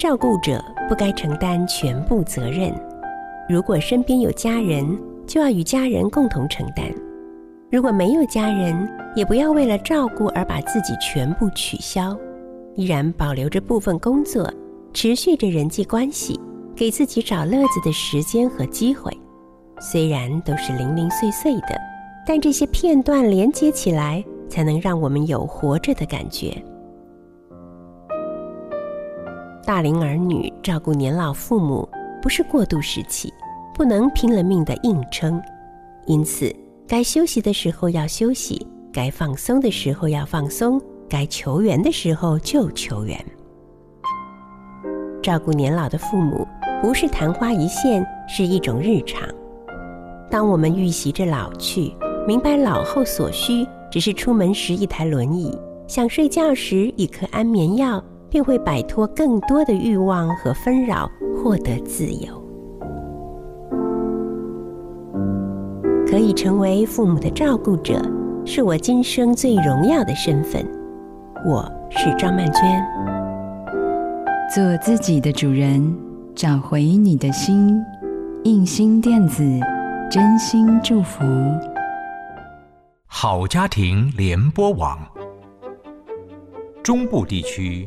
照顧者不該承擔全部責任。如果身邊有家人，就要與家人共同承擔；如果沒有家人，也不要為了照顧而把自己全部取消，依然保留着部分工作，持續着人際關係，給自己找樂子的時間和機會。雖然都是零零碎碎的，但這些片段連接起來，才能讓我們有活着的感覺。大齡兒女照顧年老父母不是過渡時期，不能拼了命的硬撐。因此，該休息的時候要休息，該放鬆的時候要放鬆，該求援的時候就求援。照顧年老的父母不是曇花一現，是一種日常。當我們預習着老去，明白老後所需，只是出門時一台輪椅，想睡覺時一顆安眠藥。便會擺脫更多的慾望和紛擾，獲得自由。可以成為父母的照顧者，是我今生最榮耀的身份。我是張曼娟，做自己的主人，找回你的心。映興電子真心祝福。好家庭聯播網，中部地區。